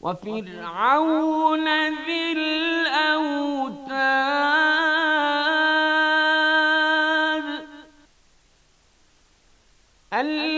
وفرعون ذي الأوتاد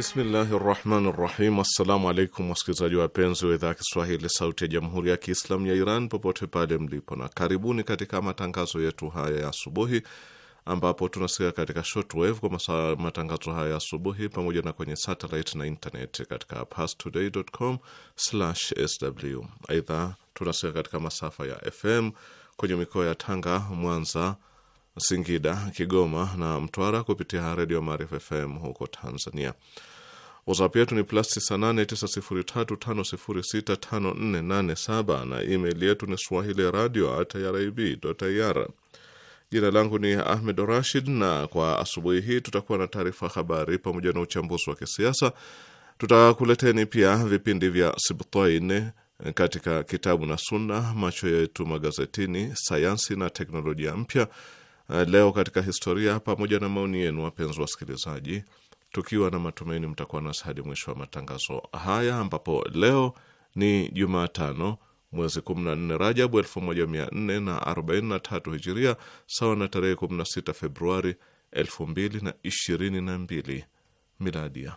Bismillahi rahmani rahim. Assalamu alaikum wasikilizaji wapenzi wa idhaa Kiswahili sauti ya jamhuri ya Kiislamu ya Iran popote pale mlipo, na karibuni katika matangazo yetu haya ya asubuhi, ambapo tunasikia katika shortwave kwa matangazo haya ya asubuhi pamoja na kwenye satellite na internet katika pastoday.com/sw. Aidha tunasikia katika masafa ya FM kwenye mikoa ya Tanga, Mwanza, Singida, Kigoma na Mtwara kupitia redio Maarifa FM huko Tanzania. WhatsApp yetu ni plus 989035065487 na email yetu ni swahili radio at irib.ir. Jina langu ni Ahmed Rashid, na kwa asubuhi hii tutakuwa na taarifa habari pamoja na uchambuzi wa kisiasa. Tutakuleteni pia vipindi vya Sibtain katika kitabu na Sunna, macho yetu magazetini, sayansi na teknolojia mpya Eh, leo katika historia, pamoja na maoni yenu, wapenzi wasikilizaji, tukiwa na matumaini mtakuwa nasi hadi mwisho wa matangazo haya, ambapo leo ni Jumatano mwezi 14 Rajabu 1443 Hijiria, sawa na tarehe 16 Februari 2022 Miladia.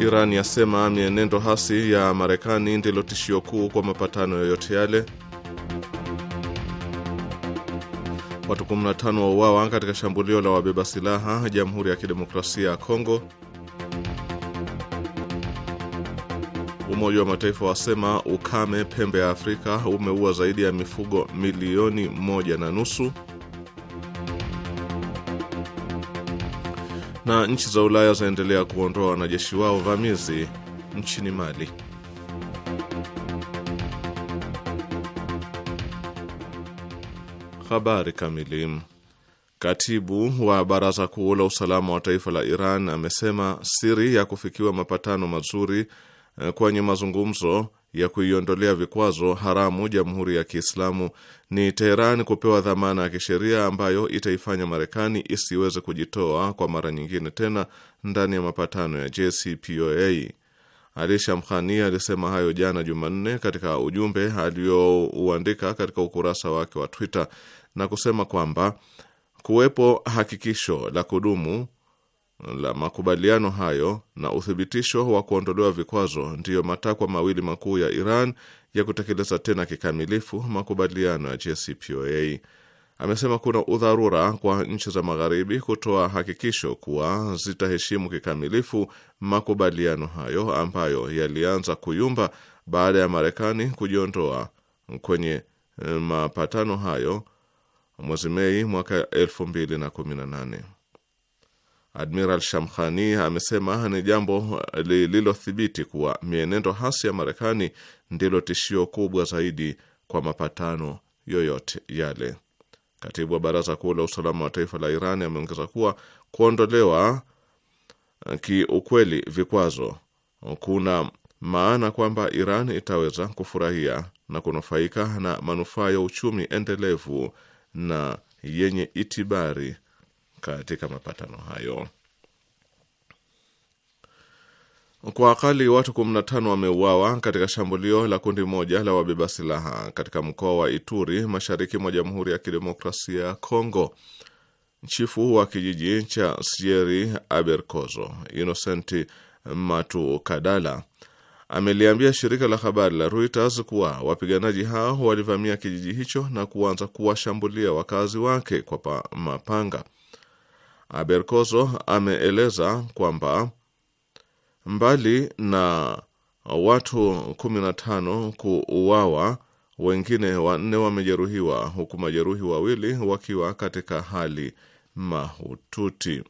Iran yasema mienendo hasi ya Marekani ndilo tishio kuu kwa mapatano yoyote yale. Watu 15 wauawa katika shambulio la wabeba silaha Jamhuri ya Kidemokrasia ya Kongo. Umoja wa Mataifa wasema ukame pembe ya Afrika umeua zaidi ya mifugo milioni moja na nusu. na nchi za Ulaya zaendelea kuondoa wanajeshi wao vamizi nchini Mali. Habari kamili. Katibu wa Baraza Kuu la Usalama wa Taifa la Iran amesema siri ya kufikiwa mapatano mazuri eh, kwenye mazungumzo ya kuiondolea vikwazo haramu Jamhuri ya Kiislamu ni Teheran kupewa dhamana ya kisheria ambayo itaifanya Marekani isiweze kujitoa kwa mara nyingine tena ndani ya mapatano ya JCPOA. Ali Shamkhani alisema hayo jana Jumanne katika ujumbe aliouandika katika ukurasa wake wa Twitter na kusema kwamba kuwepo hakikisho la kudumu la makubaliano hayo na uthibitisho wa kuondolewa vikwazo ndiyo matakwa mawili makuu ya Iran ya kutekeleza tena kikamilifu makubaliano ya JCPOA. Amesema kuna udharura kwa nchi za Magharibi kutoa hakikisho kuwa zitaheshimu kikamilifu makubaliano hayo ambayo yalianza kuyumba baada ya Marekani kujiondoa kwenye eh, mapatano hayo mwezi Mei mwaka 2018. Admiral Shamkhani amesema ni jambo lililothibiti kuwa mienendo hasi ya Marekani ndilo tishio kubwa zaidi kwa mapatano yoyote yale. Katibu wa Baraza Kuu la Usalama wa Taifa la Iran ameongeza kuwa kuondolewa kiukweli vikwazo kuna maana kwamba Iran itaweza kufurahia na kunufaika na manufaa ya uchumi endelevu na yenye itibari katika mapatano hayo. Kwa akali watu 15 wameuawa katika shambulio la kundi moja la wabeba silaha katika mkoa wa Ituri, mashariki mwa Jamhuri ya Kidemokrasia ya Kongo. Chifu wa kijiji cha Sieri Aberkozo, Innocent Matukadala, ameliambia shirika la habari la Reuters kuwa wapiganaji hao walivamia kijiji hicho na kuanza kuwashambulia wakazi wake kwa mapanga. Aberkozo ameeleza kwamba mbali na watu 15 kuuawa, wengine wanne wamejeruhiwa, huku majeruhi wawili wakiwa katika hali mahututi.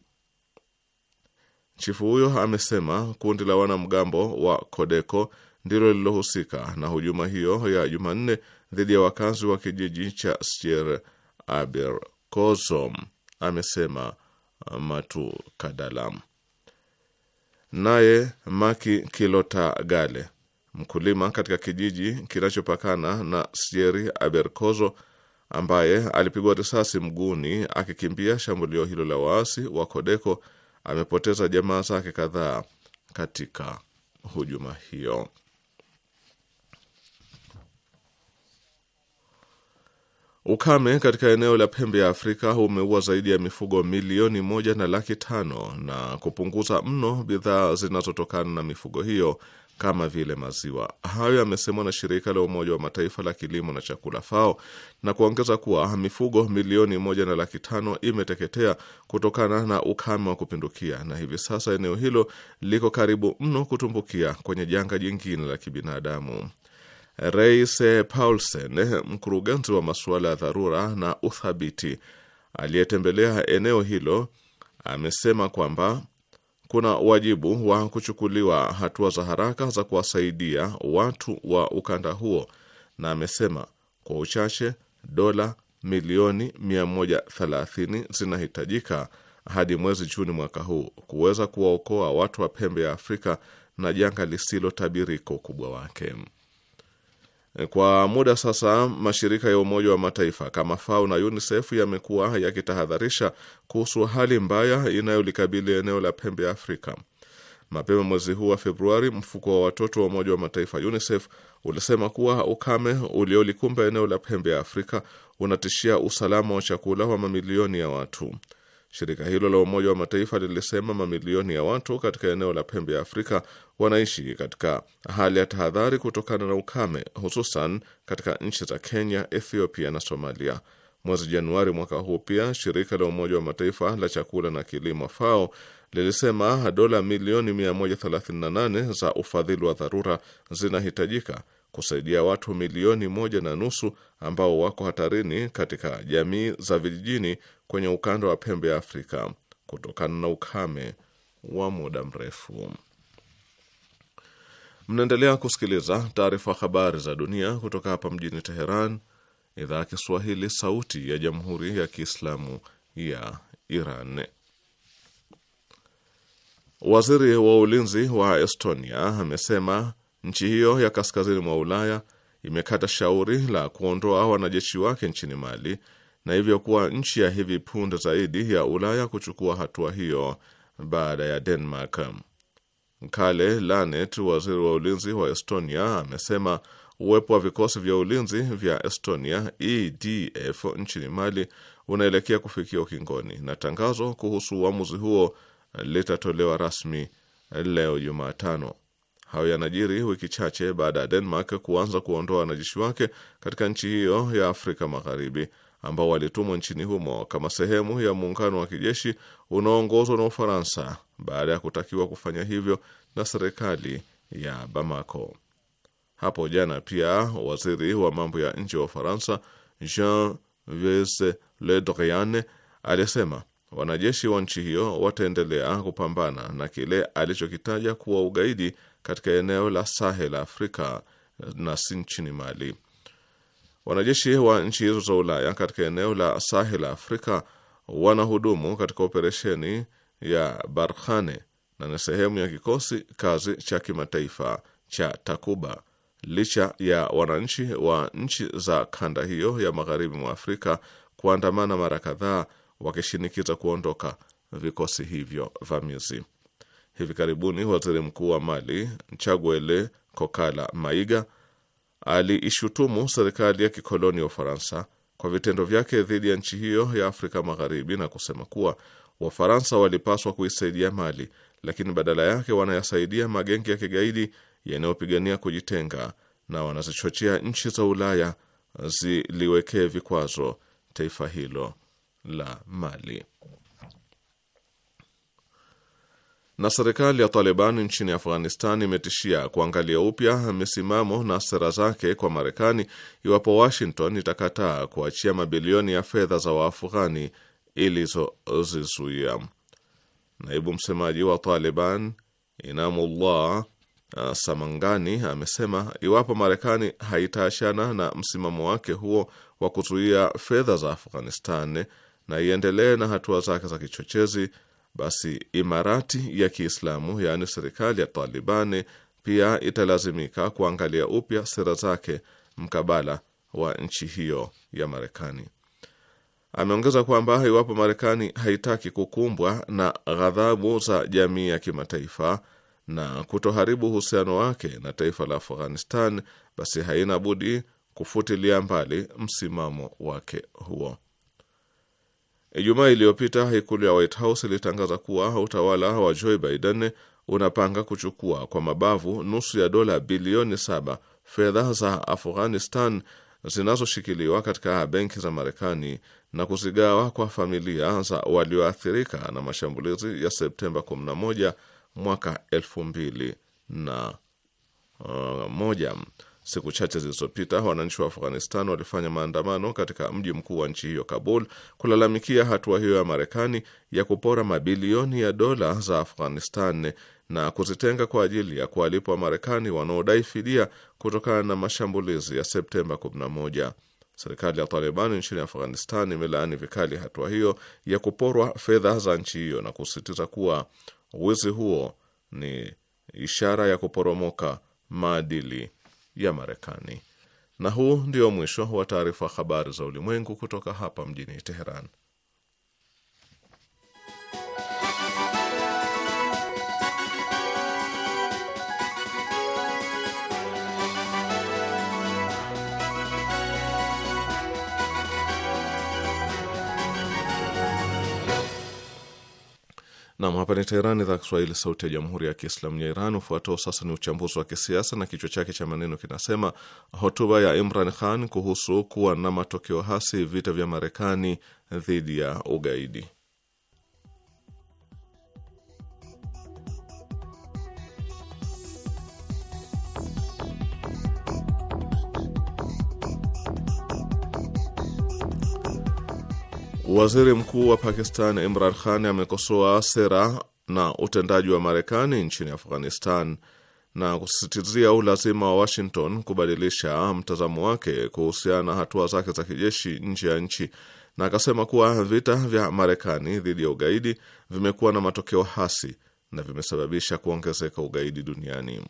Chifu huyo amesema kundi la wanamgambo wa Kodeko ndilo lililohusika na hujuma hiyo ya Jumanne dhidi ya wakazi wa kijiji cha sier aberkozo Amesema Kadalam. Naye Maki kilota gale mkulima katika kijiji kinachopakana na Sieri Aberkozo, ambaye alipigwa risasi mguuni akikimbia shambulio hilo la waasi wa Kodeko, amepoteza jamaa zake kadhaa katika hujuma hiyo. Ukame katika eneo la pembe ya Afrika umeua zaidi ya mifugo milioni moja na laki tano na kupunguza mno bidhaa zinazotokana na mifugo hiyo kama vile maziwa. Hayo yamesemwa na shirika la Umoja wa Mataifa la kilimo na chakula FAO na kuongeza kuwa mifugo milioni moja na laki tano imeteketea kutokana na ukame wa kupindukia, na hivi sasa eneo hilo liko karibu mno kutumbukia kwenye janga jingine la kibinadamu. Rais Paulsen, mkurugenzi wa masuala ya dharura na uthabiti aliyetembelea eneo hilo, amesema kwamba kuna wajibu wa kuchukuliwa hatua za haraka za kuwasaidia watu wa ukanda huo, na amesema kwa uchache dola milioni 130 zinahitajika hadi mwezi Juni mwaka huu kuweza kuwaokoa watu wa pembe ya Afrika na janga lisilotabirika ukubwa wake. Eh, kwa muda sasa mashirika ya Umoja wa Mataifa kama FAO na UNICEF yamekuwa yakitahadharisha kuhusu hali mbaya inayolikabili eneo la pembe ya Afrika. Mapema mwezi huu wa Februari, mfuko wa watoto wa Umoja wa Mataifa UNICEF ulisema kuwa ukame uliolikumba eneo la pembe ya Afrika unatishia usalama wa chakula wa mamilioni ya watu. Shirika hilo la Umoja wa Mataifa lilisema mamilioni ya watu katika eneo la pembe ya Afrika wanaishi katika hali ya tahadhari kutokana na ukame, hususan katika nchi za Kenya, Ethiopia na Somalia. Mwezi Januari mwaka huu pia shirika la Umoja wa Mataifa la chakula na kilimo FAO lilisema dola milioni 138 za ufadhili wa dharura zinahitajika kusaidia watu milioni moja na nusu ambao wako hatarini katika jamii za vijijini kwenye ukanda wa pembe ya Afrika kutokana na ukame wa muda mrefu. Mnaendelea kusikiliza taarifa habari za dunia kutoka hapa mjini Teheran, idhaa ya Kiswahili, sauti ya jamhuri ya kiislamu ya Iran. Waziri wa ulinzi wa Estonia amesema nchi hiyo ya kaskazini mwa Ulaya imekata shauri la kuondoa wanajeshi wake nchini Mali na hivyo kuwa nchi ya hivi punde zaidi ya Ulaya kuchukua hatua hiyo baada ya Denmark. Kalle Lanet, waziri wa ulinzi wa Estonia, amesema uwepo wa vikosi vya ulinzi vya Estonia EDF nchini Mali unaelekea kufikia ukingoni na tangazo kuhusu uamuzi huo litatolewa rasmi leo Jumatano. Hayo yanajiri wiki chache baada ya Denmark kuanza kuondoa wanajeshi wake katika nchi hiyo ya Afrika Magharibi ambao walitumwa nchini humo kama sehemu ya muungano wa kijeshi unaoongozwa na Ufaransa baada ya kutakiwa kufanya hivyo na serikali ya Bamako. Hapo jana pia waziri wa mambo ya nje wa Ufaransa Jean Yves Le Drian alisema wanajeshi wa nchi hiyo wataendelea kupambana na kile alichokitaja kuwa ugaidi katika eneo la Sahel Afrika na si nchini Mali. Wanajeshi wa nchi hizo za Ulaya katika eneo la Sahel Afrika wanahudumu katika operesheni ya Barkhane na ni sehemu ya kikosi kazi cha kimataifa cha Takuba. Licha ya wananchi wa nchi za kanda hiyo ya magharibi mwa Afrika kuandamana mara kadhaa wakishinikiza kuondoka vikosi hivyo vamizi. Hivi karibuni waziri mkuu wa Mali Chaguele Kokala Maiga aliishutumu serikali ya kikoloni ya Ufaransa kwa vitendo vyake dhidi ya nchi hiyo ya Afrika Magharibi na kusema kuwa Wafaransa walipaswa kuisaidia Mali, lakini badala yake wanayasaidia magenge ya kigaidi yanayopigania kujitenga na wanazichochea nchi za Ulaya ziliwekee vikwazo taifa hilo la Mali. Na serikali ya Taliban nchini Afghanistan imetishia kuangalia upya misimamo na sera zake kwa Marekani iwapo Washington itakataa kuachia mabilioni ya fedha za Waafghani ilizozizuia. Naibu msemaji wa Taliban Inamullah uh, Samangani amesema iwapo Marekani haitaachana na msimamo wake huo wa kuzuia fedha za Afghanistan na iendelee na hatua zake za kichochezi basi Imarati ya Kiislamu yaani serikali ya Talibani pia italazimika kuangalia upya sera zake mkabala wa nchi hiyo ya Marekani. Ameongeza kwamba iwapo Marekani haitaki kukumbwa na ghadhabu za jamii ya kimataifa na kutoharibu uhusiano wake na taifa la Afghanistan, basi haina budi kufutilia mbali msimamo wake huo. Ijumaa iliyopita ikulu ya White House ilitangaza kuwa utawala wa Joe Biden unapanga kuchukua kwa mabavu nusu ya dola bilioni saba fedha za Afghanistan zinazoshikiliwa katika benki za Marekani na kuzigawa kwa familia za walioathirika na mashambulizi ya Septemba 11 mwaka elfu mbili na uh, moja. Siku chache zilizopita wananchi wa Afghanistan walifanya maandamano katika mji mkuu wa nchi hiyo Kabul, kulalamikia hatua hiyo ya Marekani ya kupora mabilioni ya dola za Afghanistan na kuzitenga kwa ajili ya kuwalipa Marekani wanaodai fidia kutokana na mashambulizi ya Septemba 11. Serikali ya Taliban nchini Afghanistan imelaani vikali hatua hiyo ya kuporwa fedha za nchi hiyo na kusisitiza kuwa wizi huo ni ishara ya kuporomoka maadili ya Marekani. Na huu ndio mwisho wa taarifa habari za ulimwengu kutoka hapa mjini Teheran. Nam, hapa ni Teherani, idhaa Kiswahili, sauti ya jamhuri ya kiislamu ya Iran. Ufuatao sasa ni uchambuzi wa kisiasa na kichwa chake cha maneno kinasema: hotuba ya Imran Khan kuhusu kuwa na matokeo hasi vita vya Marekani dhidi ya ugaidi. Waziri Mkuu wa Pakistan Imran Khan amekosoa sera na utendaji wa Marekani nchini Afghanistan na kusisitizia ulazima wa Washington kubadilisha mtazamo wake kuhusiana na hatua zake za kijeshi nje ya nchi, na akasema kuwa vita vya Marekani dhidi ya ugaidi vimekuwa na matokeo hasi na vimesababisha kuongezeka ugaidi duniani.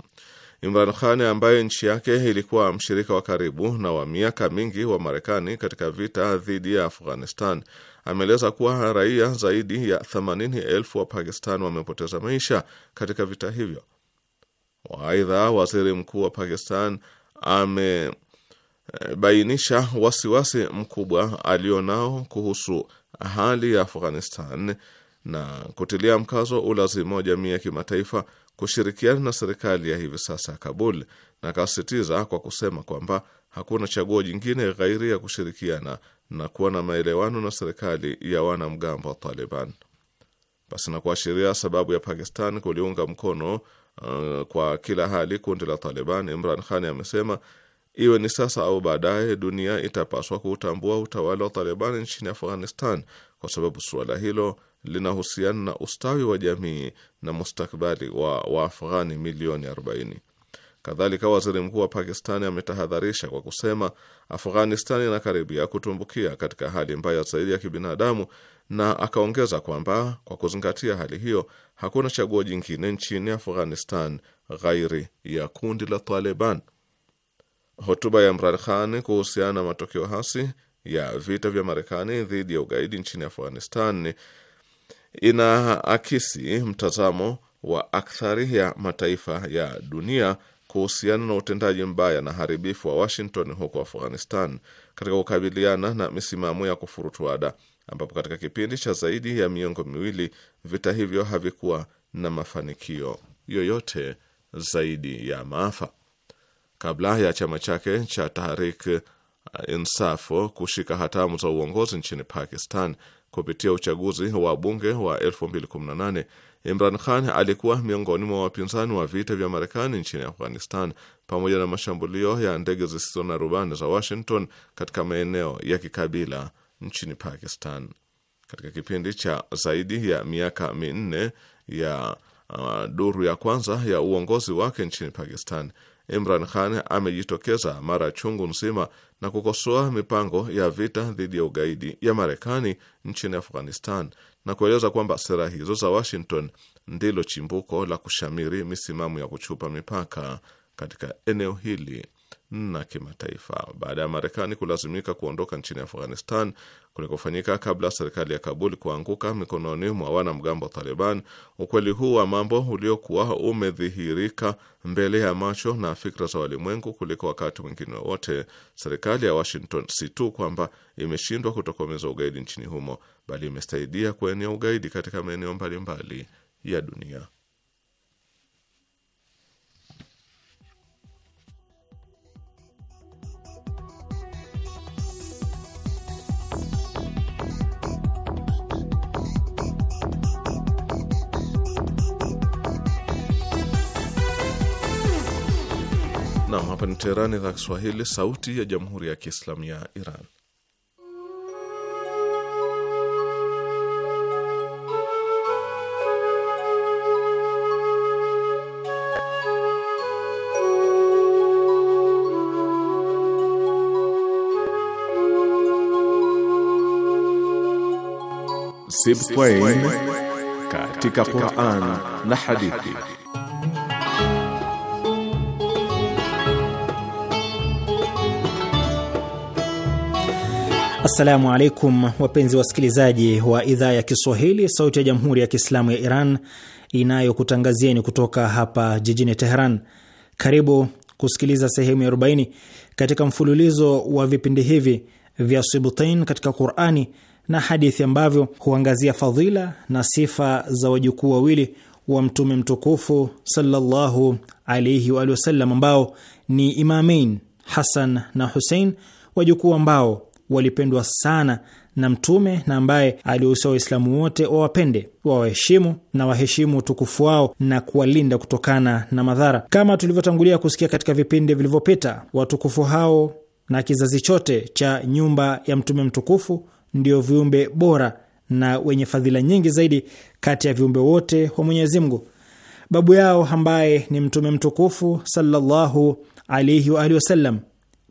Imran Khan ambaye nchi yake ilikuwa mshirika wa karibu na wa miaka mingi wa Marekani katika vita dhidi ya Afghanistan ameeleza kuwa raia zaidi ya 80,000 wa Pakistan wamepoteza maisha katika vita hivyo. Aidha, waziri mkuu wa Pakistan amebainisha wasiwasi mkubwa alionao kuhusu hali ya Afghanistan na kutilia mkazo ulazima wa jamii ya kimataifa kushirikiana na serikali ya hivi sasa Kabul, na akasisitiza kwa kusema kwamba hakuna chaguo jingine ghairi ya kushirikiana na kuwa na maelewano na serikali ya wanamgambo wa Taliban. Basi na kuashiria sababu ya Pakistan kuliunga mkono uh, kwa kila hali kundi la Taliban, Imran Khan amesema iwe ni sasa au baadaye, dunia itapaswa kuutambua utawala wa Taliban nchini Afghanistan kwa sababu suala hilo linahusiana na ustawi wa jamii na mustakbali wa Waafghani milioni 40. Kadhalika, waziri mkuu wa Pakistani ametahadharisha kwa kusema Afghanistan inakaribia kutumbukia katika hali mbaya zaidi ya kibinadamu, na akaongeza kwamba kwa kuzingatia hali hiyo, hakuna chaguo jingine nchini Afghanistan ghairi ya kundi la Taliban. Hotuba ya Imran Khan kuhusiana na matokeo hasi ya vita vya Marekani dhidi ya ugaidi nchini Afghanistan inaakisi mtazamo wa akthari ya mataifa ya dunia kuhusiana na utendaji mbaya na haribifu wa Washington huko Afghanistan katika kukabiliana na misimamo ya kufurutuada, ambapo katika kipindi cha zaidi ya miongo miwili vita hivyo havikuwa na mafanikio yoyote zaidi ya maafa. Kabla ya chama chake cha Tahrik Insafo kushika hatamu za uongozi nchini Pakistan kupitia uchaguzi wa bunge wa 2018 Imran Khan alikuwa miongoni mwa wapinzani wa vita vya Marekani nchini Afghanistan, pamoja na mashambulio ya ndege zisizo na rubani za Washington katika maeneo ya kikabila nchini Pakistan. Katika kipindi cha zaidi ya miaka minne ya uh, duru ya kwanza ya uongozi wake nchini Pakistan, Imran Khan amejitokeza mara chungu nzima na kukosoa mipango ya vita dhidi ya ugaidi ya Marekani nchini Afghanistan na kueleza kwamba sera hizo za Washington ndilo chimbuko la kushamiri misimamo ya kuchupa mipaka katika eneo hili na kimataifa baada ya Marekani kulazimika kuondoka nchini Afghanistan kulikofanyika kabla serikali ya Kabul kuanguka mikononi mwa wanamgambo wa Taliban. Ukweli huu wa mambo uliokuwa umedhihirika mbele ya macho na fikra za walimwengu kuliko wakati mwingine wowote, serikali ya Washington si tu kwamba imeshindwa kutokomeza ugaidi nchini humo, bali imesaidia kuenea ugaidi katika maeneo mbalimbali ya dunia. Naam, hapa ni Teherani, idhaa Kiswahili, sauti ya jamhuri ya kiislamu ya Iran. Sibtain katika Quran na hadithi Assalamu alaikum wapenzi wasikilizaji wa idhaa ya Kiswahili, sauti ya jamhuri ya kiislamu ya Iran inayokutangazieni kutoka hapa jijini Teheran. Karibu kusikiliza sehemu ya 40 katika mfululizo wa vipindi hivi vya Sibutain katika Qurani na hadithi ambavyo huangazia fadhila na sifa za wajukuu wawili wa Mtume mtukufu sallallahu alaihi waalihi wasallam ambao ni Imamain Hasan na Husein, wajukuu ambao walipendwa sana na Mtume na ambaye aliwahusia Waislamu wote wawapende, wawaheshimu na waheshimu utukufu wao na kuwalinda kutokana na madhara. Kama tulivyotangulia kusikia katika vipindi vilivyopita, watukufu hao na kizazi chote cha nyumba ya Mtume mtukufu ndio viumbe bora na wenye fadhila nyingi zaidi kati ya viumbe wote wa Mwenyezi Mungu. Babu yao ambaye ni Mtume mtukufu sallallahu alaihi wa alihi wasallam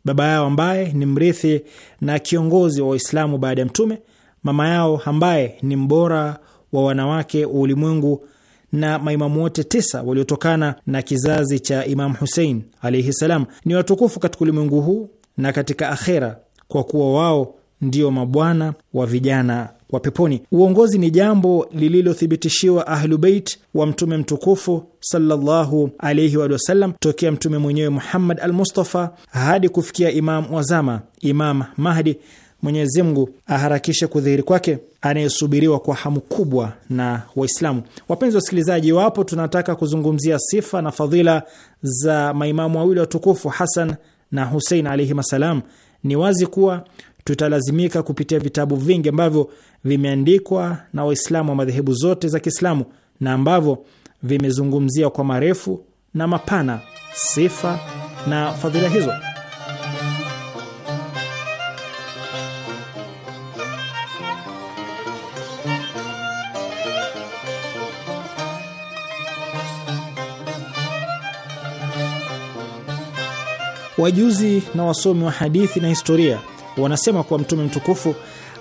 baba yao ambaye ni mrithi na kiongozi wa Waislamu baada ya Mtume, mama yao ambaye ni mbora wa wanawake wa ulimwengu na maimamu wote tisa waliotokana na kizazi cha Imamu Husein alaihi salam, ni watukufu katika ulimwengu huu na katika akhera, kwa kuwa wao ndio mabwana wa vijana wa peponi. Uongozi ni jambo lililothibitishiwa Ahlubeit wa Mtume mtukufu sallallahu wa sallam tokea Mtume mwenyewe Muhammad al Mustafa hadi kufikia Imam wazama Imam Mahdi, Mwenyezi Mungu aharakishe kudhihiri kwake, anayesubiriwa kwa hamu kubwa na Waislamu. Wapenzi wasikilizaji, iwapo tunataka kuzungumzia sifa na fadhila za maimamu wawili watukufu Hasan na Husein alaihim assalam, ni wazi kuwa tutalazimika kupitia vitabu vingi ambavyo vimeandikwa na Waislamu wa madhehebu zote za Kiislamu na ambavyo vimezungumzia kwa marefu na mapana sifa na fadhila hizo. Wajuzi na wasomi wa hadithi na historia wanasema kuwa mtume mtukufu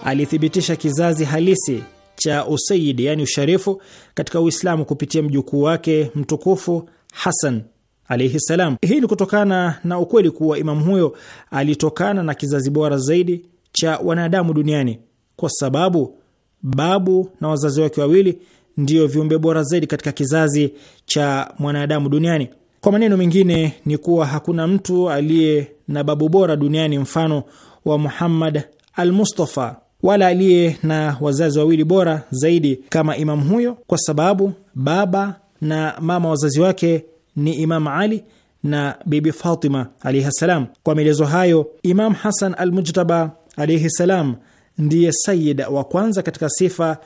alithibitisha kizazi halisi cha usayidi, yani usharifu katika Uislamu kupitia mjukuu wake mtukufu Hasan alaihi salam. Hii ni kutokana na ukweli kuwa imamu huyo alitokana na kizazi bora zaidi cha wanadamu duniani kwa sababu babu na wazazi wake wawili ndiyo viumbe bora zaidi katika kizazi cha mwanadamu duniani. Kwa maneno mengine ni kuwa hakuna mtu aliye na babu bora duniani mfano wa Muhammad al-Mustafa wala aliye na wazazi wawili bora zaidi kama imamu huyo, kwa sababu baba na mama wazazi wake ni Imam Ali na Bibi Fatima alaihi ssalam. Kwa maelezo hayo, Imam Hasan Almujtaba alaihi ssalam ndiye sayid wa kwanza katika sifa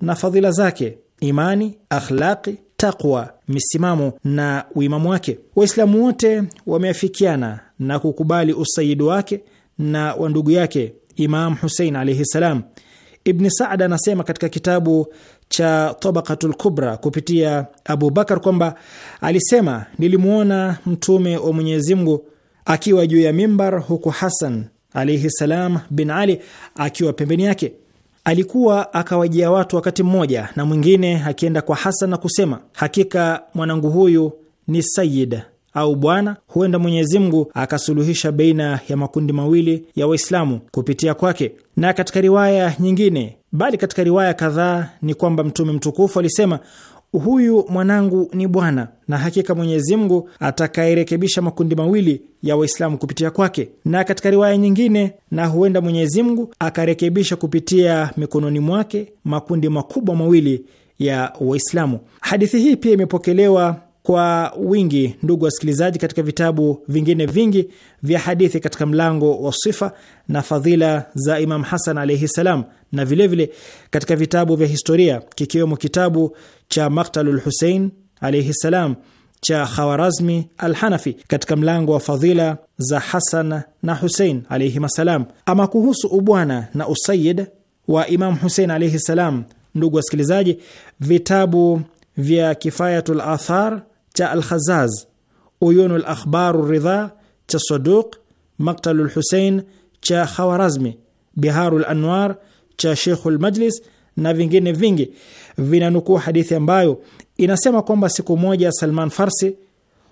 na fadhila zake: imani, akhlaqi, taqwa, misimamo na uimamu wake. Waislamu wote wameafikiana na kukubali usayidi wake na wa ndugu yake Imam Husein alaihi ssalam. Ibni Saad anasema katika kitabu cha Tabaqatul lkubra kupitia Abu Bakar kwamba alisema, nilimwona Mtume wa Mwenyezi Mungu akiwa juu ya mimbar, huku Hasan alaihi salam bin Ali akiwa pembeni yake. Alikuwa akawajia watu wakati mmoja, na mwingine akienda kwa Hasan na kusema, hakika mwanangu huyu ni sayid au bwana, huenda Mwenyezi Mungu akasuluhisha baina ya makundi mawili ya Waislamu kupitia kwake. Na katika riwaya nyingine, bali katika riwaya kadhaa, ni kwamba Mtume mtukufu alisema, huyu mwanangu ni bwana, na hakika Mwenyezi Mungu atakayerekebisha makundi mawili ya Waislamu kupitia kwake. Na katika riwaya nyingine, na huenda Mwenyezi Mungu akarekebisha kupitia mikononi mwake makundi makubwa mawili ya Waislamu. Hadithi hii pia imepokelewa kwa wingi, ndugu wasikilizaji, katika vitabu vingine vingi vya hadithi katika mlango wa sifa na fadhila za Imam Hasan alaihi salam, na vilevile vile katika vitabu vya historia kikiwemo kitabu cha Maktalul Husein alaihi salam cha Khawarazmi Alhanafi katika mlango wa fadhila za Hasan na Husein alaihim assalam. Ama kuhusu ubwana na usayid wa Imam Husein alaihi salam, ndugu wasikilizaji, vitabu vya Kifayatul Athar cha Alkhazaz, Uyunu Lakhbaru Ridha cha Saduq, Maktalu Lhusein cha Khawarazmi, Biharu Lanwar cha Sheikhu Lmajlis na vingine vingi vinanukuu hadithi ambayo inasema kwamba siku moja Salman Farsi,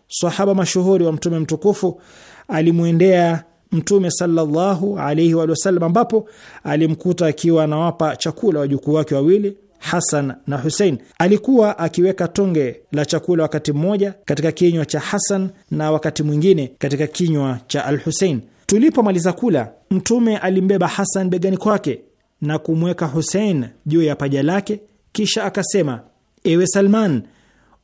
sahaba mashuhuri wa Mtume mtukufu, alimwendea Mtume sallallahu alaihi ambapo alimkuta akiwa anawapa chakula wajukuu wake wawili Hasan na Husein. Alikuwa akiweka tonge la chakula wakati mmoja katika kinywa cha Hasan na wakati mwingine katika kinywa cha al Husein. Tulipomaliza kula, Mtume alimbeba Hasan begani kwake na kumweka Husein juu ya paja lake, kisha akasema, ewe Salman,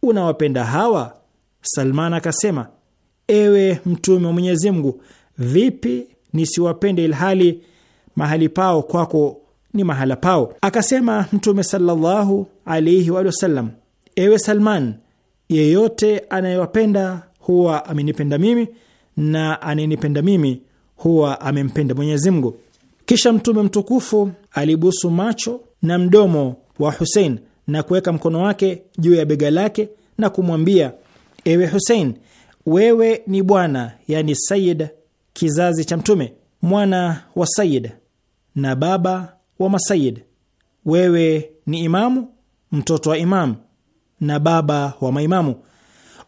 unawapenda hawa? Salman akasema, ewe Mtume wa Mwenyezi Mungu, vipi nisiwapende ilhali mahali pao kwako ni mahala pao. Akasema Mtume sallallahu alaihi wasallam, ewe Salman, yeyote anayewapenda huwa amenipenda mimi na anayenipenda mimi huwa amempenda Mwenyezi Mungu. Kisha Mtume mtukufu alibusu macho na mdomo wa Husein na kuweka mkono wake juu ya bega lake na kumwambia, ewe Husein, wewe ni bwana, yani Sayid, kizazi cha Mtume, mwana wa Sayid na baba wa masayid, wewe ni imamu, mtoto wa imamu na baba wa maimamu.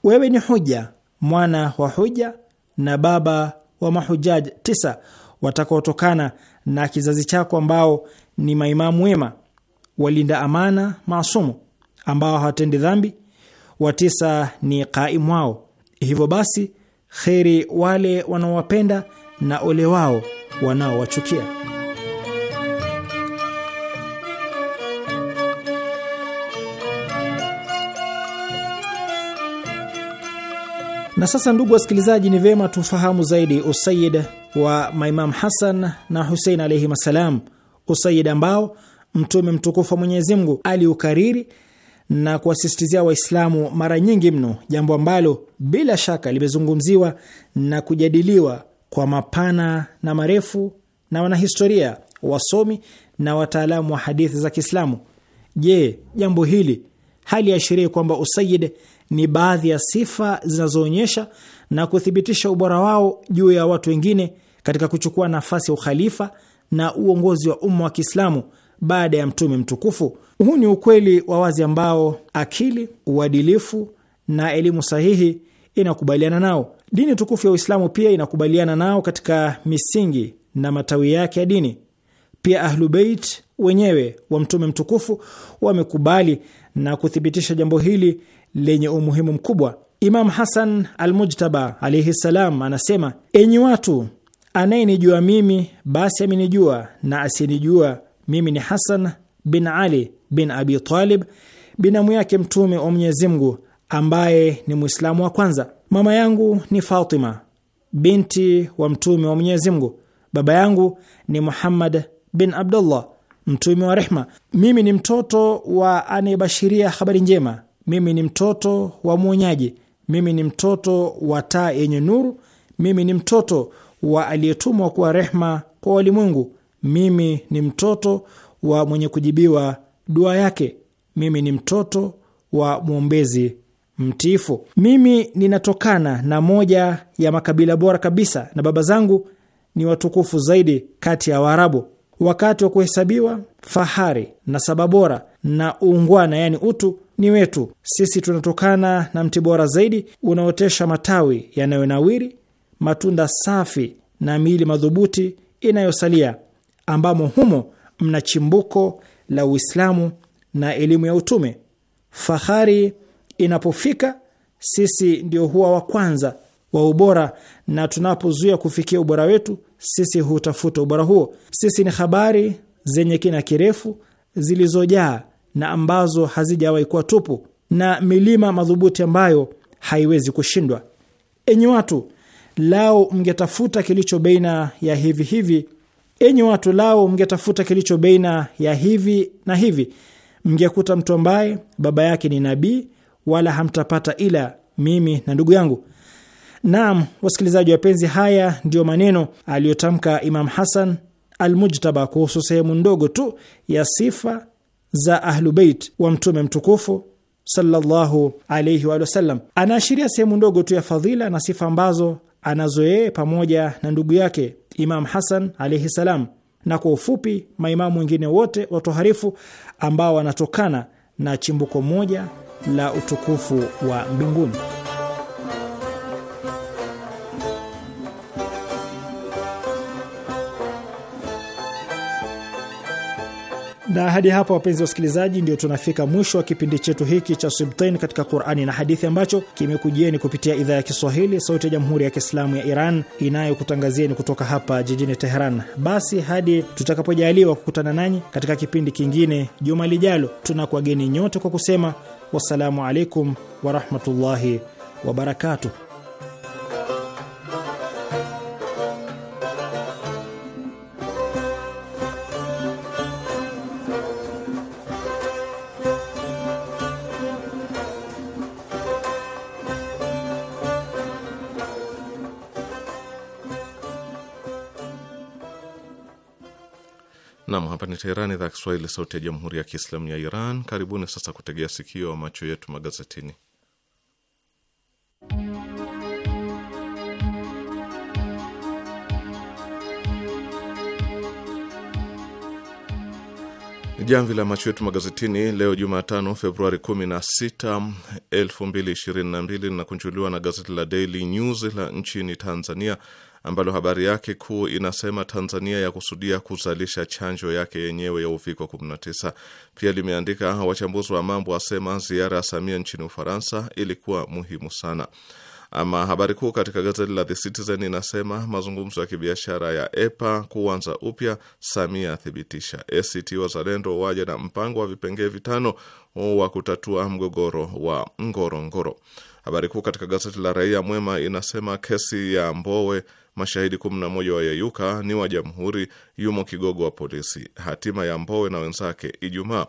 Wewe ni huja, mwana wa huja na baba wa mahujaj tisa watakaotokana na kizazi chako, ambao ni maimamu wema, walinda amana maasumu, ambao hawatendi dhambi. Watisa ni kaimu wao. Hivyo basi, kheri wale wanaowapenda na ole wao wanaowachukia. Na sasa, ndugu wasikilizaji, ni vyema tufahamu zaidi Usayid wa maimamu Hasan na Husein alaihim assalam, Usayid ambao Mtume mtukufu wa Mwenyezi Mungu aliukariri na kuwasisitizia Waislamu mara nyingi mno, jambo ambalo bila shaka limezungumziwa na kujadiliwa kwa mapana na marefu na wanahistoria, wasomi na wataalamu wa hadithi za Kiislamu. Je, jambo hili hali ashirii kwamba Usayid ni baadhi ya sifa zinazoonyesha na kuthibitisha ubora wao juu ya watu wengine katika kuchukua nafasi ya ukhalifa na uongozi wa umma wa Kiislamu baada ya mtume mtukufu. Huu ni ukweli wa wazi ambao akili, uadilifu na elimu sahihi inakubaliana nao. Dini tukufu ya Uislamu pia inakubaliana nao katika misingi na matawi yake ya dini. Pia Ahlubeit wenyewe wa mtume mtukufu wamekubali na kuthibitisha jambo hili lenye umuhimu mkubwa. Imam Hasan Almujtaba alaihi ssalam anasema, enyi watu, anayenijua mimi basi amenijua, na asiyenijua mimi ni Hasan bin Ali bin Abi Talib, binamu yake Mtume wa Mwenyezi Mungu, ambaye ni Mwislamu wa kwanza. Mama yangu ni Fatima binti wa Mtume wa Mwenyezi Mungu. Baba yangu ni Muhammad bin Abdullah, mtume wa rehma. Mimi ni mtoto wa anayebashiria habari njema mimi ni mtoto wa mwonyaji, mimi ni mtoto wa taa yenye nuru, mimi ni mtoto wa aliyetumwa kuwa rehma kwa walimwengu, mimi ni mtoto wa mwenye kujibiwa dua yake, mimi ni mtoto wa mwombezi mtiifu. Mimi ninatokana na moja ya makabila bora kabisa, na baba zangu ni watukufu zaidi kati ya Waarabu. Wakati wa kuhesabiwa fahari na saba bora na uungwana, yaani utu ni wetu sisi, tunatokana na mti bora zaidi unaotesha matawi yanayonawiri, matunda safi na miili madhubuti inayosalia, ambamo humo mna chimbuko la Uislamu na elimu ya utume. Fahari inapofika, sisi ndio huwa wa kwanza wa ubora, na tunapozuia kufikia ubora wetu, sisi hutafuta ubora huo. Sisi ni habari zenye kina kirefu zilizojaa na ambazo hazijawahi kuwa tupu na milima madhubuti ambayo haiwezi kushindwa. Enyi watu, lao mngetafuta kilicho baina ya hivi hivi, enyi watu, lao mngetafuta kilicho baina ya hivi na hivi, mngekuta mtu ambaye baba yake ni nabii, wala hamtapata ila mimi na ndugu yangu. Naam, wasikilizaji wapenzi, haya ndiyo maneno aliyotamka Imam Hasan Almujtaba kuhusu sehemu ndogo tu ya sifa za Ahlubeit wa Mtume mtukufu sallallahu alaihi wa sallam. Anaashiria sehemu ndogo tu ya fadhila na sifa ambazo anazo yeye pamoja na ndugu yake Imam Hasan alaihi salam, na kwa ufupi maimamu wengine wote watoharifu ambao wanatokana na chimbuko moja la utukufu wa mbinguni. Na hadi hapa, wapenzi wa wasikilizaji, ndio tunafika mwisho wa kipindi chetu hiki cha Sibtain katika Qurani na Hadithi, ambacho kimekujieni kupitia idhaa ya Kiswahili, Sauti ya Jamhuri ya Kiislamu ya Iran inayokutangazieni kutoka hapa jijini Teheran. Basi hadi tutakapojaliwa kukutana nanyi katika kipindi kingine juma lijalo, tunakuwageni nyote kwa kusema wassalamu alaikum warahmatullahi wabarakatuh. Nam, hapa ni Teherani, idhaa ya Kiswahili, sauti ya jamhuri ya kiislamu ya Iran. Karibuni sasa kutegea sikio wa macho yetu magazetini. Jamvi la macho yetu magazetini leo Jumatano, Februari 16, 2022 linakunjuliwa na gazeti la Daily News la nchini Tanzania ambalo habari yake kuu inasema Tanzania ya kusudia kuzalisha chanjo yake yenyewe ya uviko 19. Pia limeandika wachambuzi wa mambo wasema ziara ya Samia nchini Ufaransa ilikuwa muhimu sana. Ama habari kuu katika gazeti la The Citizen inasema mazungumzo ya kibiashara ya EPA kuanza upya, Samia athibitisha. ACT Wazalendo waja na mpango wa vipengee vitano wa kutatua mgogoro wa Ngorongoro. Habari kuu katika gazeti la Raia Mwema inasema kesi ya Mbowe mashahidi 11 wa yeyuka ni wa Jamhuri, yumo kigogo wa polisi. Hatima ya Mbowe na wenzake Ijumaa.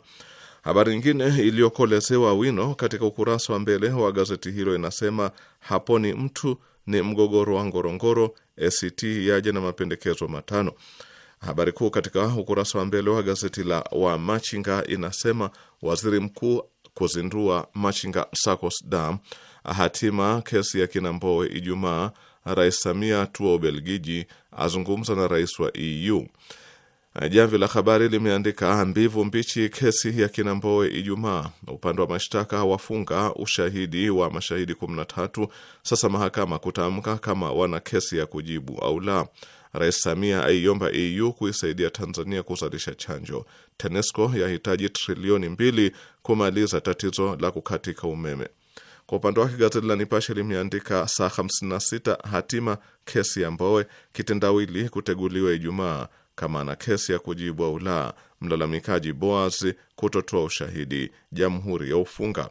Habari nyingine iliyokolezewa wino katika ukurasa wa mbele wa gazeti hilo inasema haponi mtu ni mgogoro wa Ngorongoro, ACT yaje na mapendekezo matano. Habari kuu katika ukurasa wa mbele wa gazeti la Wamachinga inasema waziri mkuu kuzindua Machinga SACCOS dam, hatima kesi ya kina Mbowe Ijumaa, Rais Samia tua Ubelgiji, azungumza na rais wa EU. Eh, jamvi la Habari limeandika mbivu mbichi kesi ya kina Mbowe Ijumaa. Upande wa mashtaka wafunga ushahidi wa mashahidi 13, sasa mahakama kutamka kama wana kesi ya kujibu au la. Rais Samia aiomba EU kuisaidia Tanzania kuzalisha chanjo. TANESCO yahitaji trilioni mbili kumaliza tatizo la kukatika umeme. Kwa upande wake gazeti la Nipashe limeandika saa 56 hatima kesi ya Mbowe, kitendawili kuteguliwa Ijumaa kama ana kesi ya kujibu au la. Mlalamikaji Boaz kutotoa ushahidi, jamhuri ya ufunga.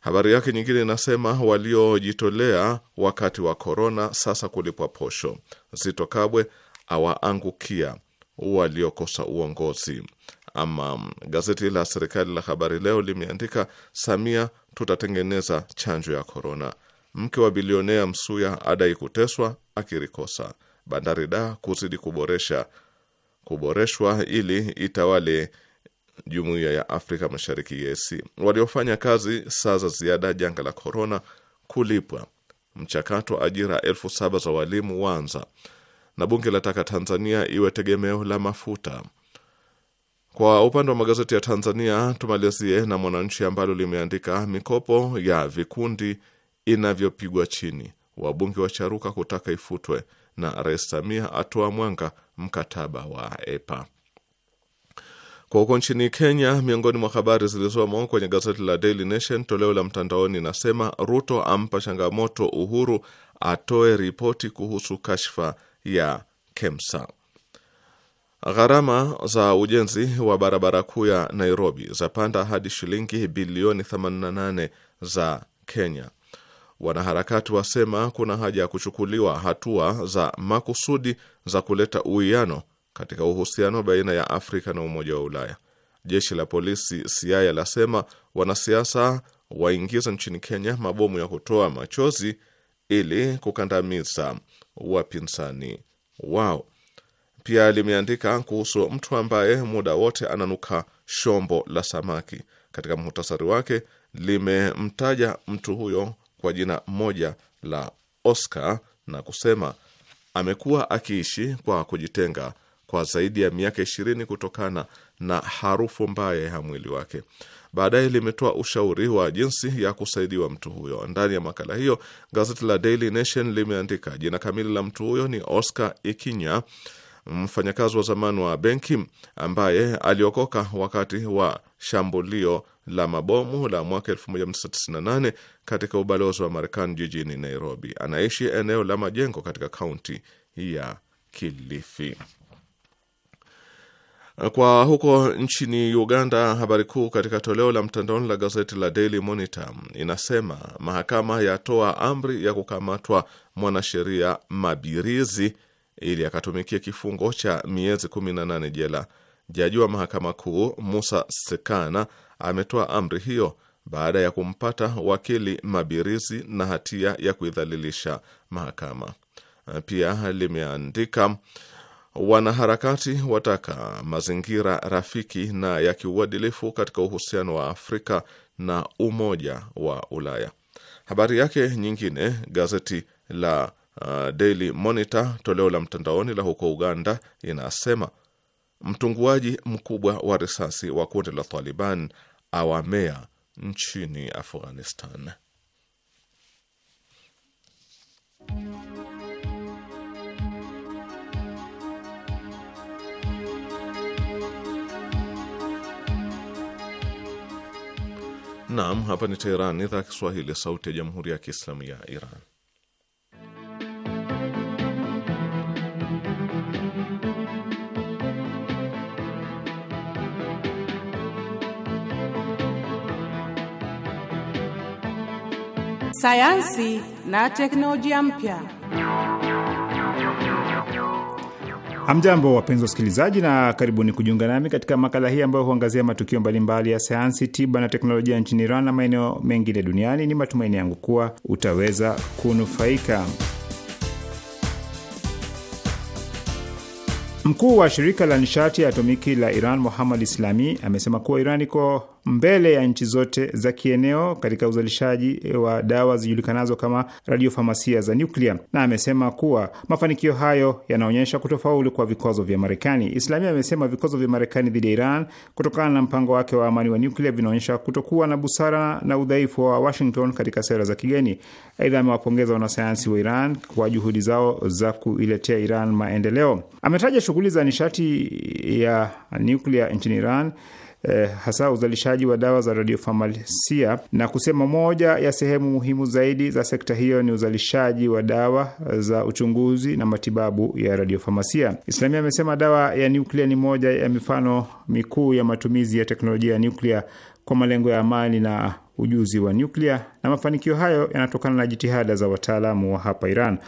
Habari yake nyingine inasema waliojitolea wakati wa korona sasa kulipwa posho. Zito Kabwe awaangukia waliokosa uongozi. Ama mm, gazeti la serikali la Habari Leo limeandika Samia, tutatengeneza chanjo ya korona. Mke wa bilionea Msuya adai kuteswa akirikosa. Bandari da kuzidi kuboresha kuboreshwa ili itawale jumuiya ya Afrika Mashariki EAC, waliofanya kazi saa za ziada janga la korona, kulipwa mchakato ajira elfu saba za walimu Wanza, na bunge lataka Tanzania iwe tegemeo la mafuta. Kwa upande wa magazeti ya Tanzania tumalizie na Mwananchi ambalo limeandika mikopo ya vikundi inavyopigwa chini, wabunge wacharuka kutaka ifutwe na Rais Samia atoa mwanga mkataba wa EPA. Kwa huko nchini Kenya, miongoni mwa habari zilizomo kwenye gazeti la Daily Nation toleo la mtandaoni inasema Ruto ampa changamoto Uhuru atoe ripoti kuhusu kashfa ya Kemsa. Gharama za ujenzi wa barabara kuu ya Nairobi zapanda hadi shilingi bilioni 88 za Kenya. Wanaharakati wasema kuna haja ya kuchukuliwa hatua za makusudi za kuleta uwiano katika uhusiano baina ya Afrika na Umoja wa Ulaya. Jeshi la polisi Siaya lasema wanasiasa waingiza nchini Kenya mabomu ya kutoa machozi ili kukandamiza wapinzani wao. Pia limeandika kuhusu mtu ambaye muda wote ananuka shombo la samaki. Katika muhtasari wake limemtaja mtu huyo kwa jina moja la Oscar na kusema amekuwa akiishi kwa kujitenga kwa zaidi ya miaka ishirini kutokana na harufu mbaya ya mwili wake. Baadaye limetoa ushauri wa jinsi ya kusaidiwa mtu huyo. Ndani ya makala hiyo, gazeti la Daily Nation limeandika jina kamili la mtu huyo ni Oscar Ikinya, mfanyakazi wa zamani wa benki ambaye aliokoka wakati wa shambulio la mabomu la mwaka 1998 katika ubalozi wa Marekani jijini Nairobi. Anaishi eneo la majengo katika kaunti ya Kilifi. Kwa huko nchini Uganda, habari kuu katika toleo la mtandaoni la gazeti la Daily Monitor inasema mahakama yatoa amri ya kukamatwa mwanasheria Mabirizi ili akatumikie kifungo cha miezi 18 jela. Jaji wa mahakama kuu Musa Sekana ametoa amri hiyo baada ya kumpata wakili Mabirizi na hatia ya kuidhalilisha mahakama. Pia limeandika wanaharakati wataka mazingira rafiki na ya kiuadilifu katika uhusiano wa Afrika na Umoja wa Ulaya. Habari yake nyingine, gazeti la uh, Daily Monitor toleo la mtandaoni la huko Uganda inasema mtunguaji mkubwa wa risasi wa kundi la Taliban awamea nchini Afghanistan. Naam, hapa ni Teherani, idhaa ya Kiswahili, sauti ya jamhuri ya kiislamu ya Iran. sayansi na teknolojia mpya. Hamjambo, wapenzi wasikilizaji, na karibuni kujiunga nami katika makala hii ambayo huangazia matukio mbalimbali ya sayansi, tiba na teknolojia nchini Iran na maeneo mengine duniani. Ni matumaini yangu kuwa utaweza kunufaika. Mkuu wa shirika la nishati ya atomiki la Iran Muhammad Islami amesema kuwa Iran iko mbele ya nchi zote za kieneo katika uzalishaji wa dawa zijulikanazo kama radiofamasia za nyuklia, na amesema kuwa mafanikio hayo yanaonyesha kutofaulu kwa vikwazo vya Marekani. Islami amesema vikwazo vya Marekani dhidi ya Iran kutokana na mpango wake wa amani wa nyuklia vinaonyesha kutokuwa na busara na udhaifu wa Washington katika sera za kigeni. Aidha, amewapongeza wanasayansi wa Iran kwa juhudi zao za kuiletea Iran maendeleo. Ametaja Shughuli za nishati ya nuklia nchini Iran Eh, hasa uzalishaji wa dawa za radiofamasia na kusema moja ya sehemu muhimu zaidi za sekta hiyo ni uzalishaji wa dawa za uchunguzi na matibabu ya radiofarmasia Islamia amesema dawa ya nuklia ni moja ya mifano mikuu ya matumizi ya teknolojia ya nuklia kwa malengo ya amani na ujuzi wa nyuklia na mafanikio hayo yanatokana na jitihada za wataalamu wa hapa Iran.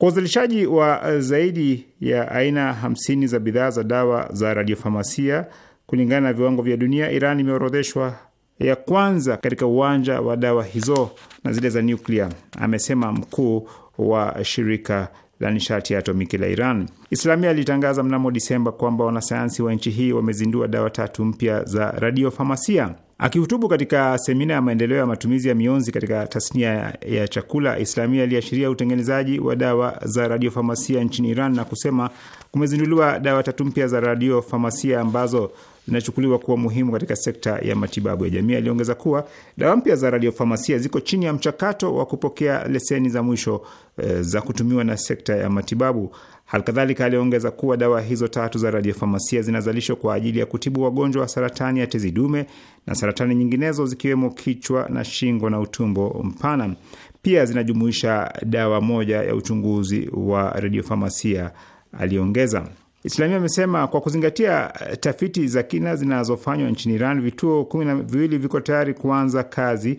Kwa uzalishaji wa eh, zaidi ya aina 50 za bidhaa za dawa za radiofamasia kulingana na viwango vya dunia, Iran imeorodheshwa ya kwanza katika uwanja wa dawa hizo na zile za nyuklia, amesema mkuu wa shirika la nishati ya atomiki la Iran. Islamia alitangaza mnamo Disemba kwamba wanasayansi wa nchi hii wamezindua dawa tatu mpya za radiofamasia. Akihutubu katika semina ya maendeleo ya matumizi ya mionzi katika tasnia ya chakula, Islamia aliashiria utengenezaji wa dawa za radiofarmasia nchini Iran na kusema kumezinduliwa dawa tatu mpya za radiofarmasia ambazo zinachukuliwa kuwa muhimu katika sekta ya matibabu ya jamii. Aliongeza kuwa dawa mpya za radiofarmasia ziko chini ya mchakato wa kupokea leseni za mwisho e, za kutumiwa na sekta ya matibabu. Halikadhalika aliongeza kuwa dawa hizo tatu za radiofarmasia zinazalishwa kwa ajili ya kutibu wagonjwa wa saratani ya tezi dume na saratani nyinginezo zikiwemo kichwa na shingo na utumbo mpana. Pia zinajumuisha dawa moja ya uchunguzi wa radiofarmasia, aliongeza. Islamia amesema kwa kuzingatia eh, tafiti za kina zinazofanywa nchini Iran, vituo kumi na viwili viko tayari kuanza kazi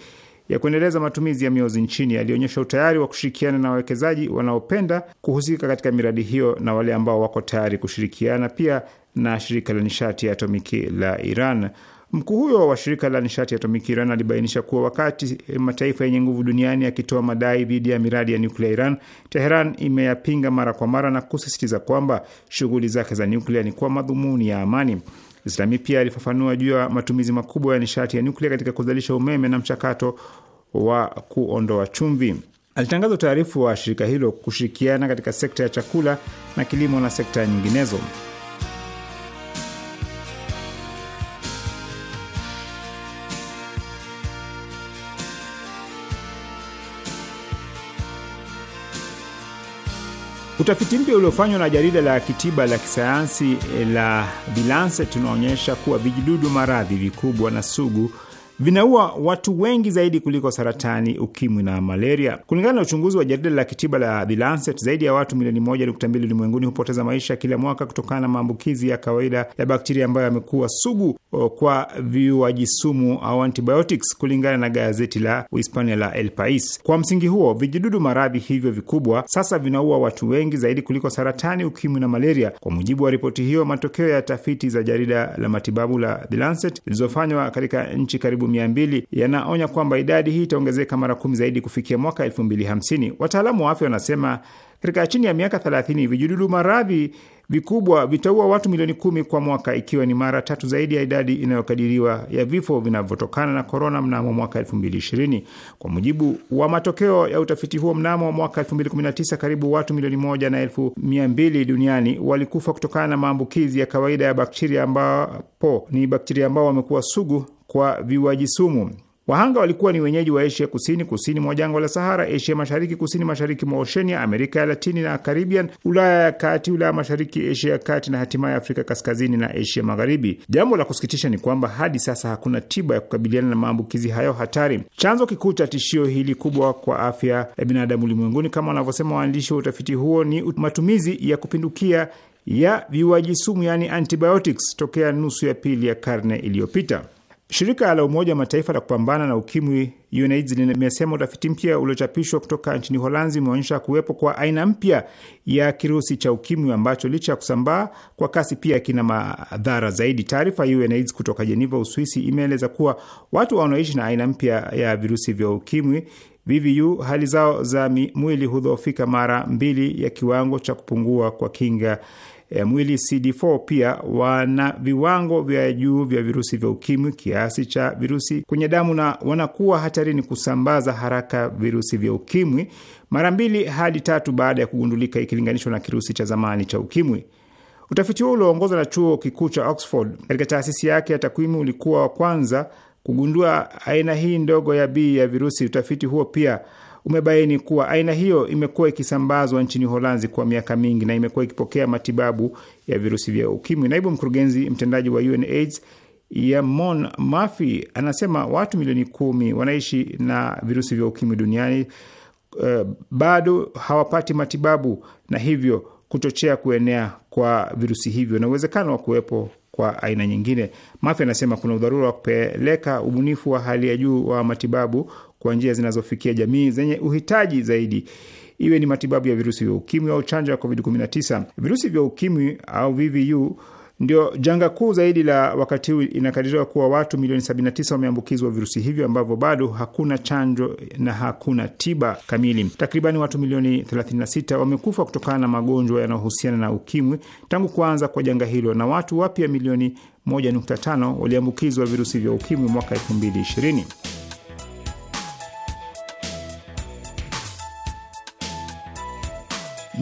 ya kuendeleza matumizi ya miozi nchini alionyesha utayari wa kushirikiana na wawekezaji wanaopenda kuhusika katika miradi hiyo na wale ambao wako tayari kushirikiana pia na shirika la nishati ya atomiki la Iran. Mkuu huyo wa shirika la nishati ya atomiki Iran alibainisha kuwa wakati mataifa yenye nguvu duniani yakitoa madai dhidi ya miradi ya nyuklia Iran, Teheran imeyapinga mara kwa mara na kusisitiza kwamba shughuli zake za nyuklia ni kwa madhumuni ya amani. Islami pia alifafanua juu ya matumizi makubwa ya nishati ya nyuklia katika kuzalisha umeme na mchakato wa kuondoa chumvi. Alitangaza utaarifu wa shirika hilo kushirikiana katika sekta ya chakula na kilimo na sekta nyinginezo. Utafiti mpya uliofanywa na jarida la kitiba la kisayansi eh, la The Lancet unaonyesha kuwa vijidudu maradhi vikubwa na sugu vinaua watu wengi zaidi kuliko saratani, ukimwi na malaria. Kulingana na uchunguzi wa jarida la kitiba la The Lancet, zaidi ya watu milioni moja nukta mbili ulimwenguni hupoteza maisha kila mwaka kutokana na maambukizi ya kawaida ya bakteria ambayo yamekuwa sugu kwa viuaji sumu au antibiotics, kulingana na gazeti la Uhispania la El Pais. Kwa msingi huo, vijidudu maradhi hivyo vikubwa sasa vinaua watu wengi zaidi kuliko saratani, ukimwi na malaria, kwa mujibu wa ripoti hiyo. Matokeo ya tafiti za jarida la matibabu la The Lancet zilizofanywa katika nchi karibu mia mbili yanaonya kwamba idadi hii itaongezeka mara kumi zaidi kufikia mwaka elfu mbili hamsini. Wataalamu wa afya wanasema katika chini ya miaka thelathini vijidudu maradhi vikubwa vitaua watu milioni kumi kwa mwaka ikiwa ni mara tatu zaidi ya idadi inayokadiriwa ya vifo vinavyotokana na korona mnamo mwaka elfu mbili ishirini. Kwa mujibu wa matokeo ya utafiti huo, mnamo mwaka elfu mbili kumi na tisa karibu watu milioni moja na elfu mia mbili duniani walikufa kutokana na maambukizi ya kawaida ya bakteria, ambapo ni bakteria ambao wamekuwa sugu kwa viwaji sumu. Wahanga walikuwa ni wenyeji wa Asia kusini kusini mwa jangwa la Sahara, Asia mashariki kusini mashariki mwa Oshenia, Amerika ya Latini na Karibian, Ulaya ya kati, Ulaya mashariki, Asia ya kati na hatimaye Afrika kaskazini na Asia magharibi. Jambo la kusikitisha ni kwamba hadi sasa hakuna tiba ya kukabiliana na maambukizi hayo hatari. Chanzo kikuu cha tishio hili kubwa kwa afya ya binadamu ulimwenguni, kama wanavyosema waandishi wa utafiti huo, ni matumizi ya kupindukia ya viwaji sumu, yaani antibiotics, tokea nusu ya pili ya karne iliyopita. Shirika la Umoja wa Mataifa la kupambana na ukimwi UNAIDS limesema utafiti mpya uliochapishwa kutoka nchini Holanzi umeonyesha kuwepo kwa aina mpya ya kirusi cha ukimwi ambacho licha ya kusambaa kwa kasi pia kina madhara zaidi. Taarifa ya UNAIDS kutoka jeniva Uswisi, imeeleza kuwa watu wanaoishi na aina mpya ya virusi vya ukimwi VVU hali zao za mwili hudhoofika mara mbili ya kiwango cha kupungua kwa kinga ya e, mwili CD4 pia wana viwango vya juu vya virusi vya ukimwi, kiasi cha virusi kwenye damu, na wanakuwa hatarini kusambaza haraka virusi vya ukimwi mara mbili hadi tatu baada ya kugundulika ikilinganishwa na kirusi cha zamani cha ukimwi. Utafiti huo ulioongozwa na chuo kikuu cha Oxford katika taasisi yake ya takwimu ulikuwa wa kwanza kugundua aina hii ndogo ya B ya virusi. Utafiti huo pia umebaini kuwa aina hiyo imekuwa ikisambazwa nchini Holanzi kwa miaka mingi na imekuwa ikipokea matibabu ya virusi vya ukimwi. Naibu mkurugenzi mtendaji wa UNAIDS Yamon Mafi anasema watu milioni kumi wanaishi na virusi vya ukimwi duniani uh, bado hawapati matibabu na hivyo kuchochea kuenea kwa virusi hivyo na uwezekano wa kuwepo kwa aina nyingine. Mafi anasema kuna udharura wa kupeleka ubunifu wa hali ya juu wa matibabu kwa njia zinazofikia jamii zenye uhitaji zaidi, iwe ni matibabu ya virusi vya ukimwi au chanjo ya COVID-19. Virusi vya ukimwi au VVU ndio janga kuu zaidi la wakati huu. Inakadiriwa kuwa watu milioni 79 wameambukizwa virusi hivyo ambavyo bado hakuna chanjo na hakuna tiba kamili. Takribani watu milioni 36 wamekufa kutokana na magonjwa yanayohusiana na ukimwi tangu kuanza kwa janga hilo, na watu wapya milioni 1.5 waliambukizwa virusi vya ukimwi mwaka 2020.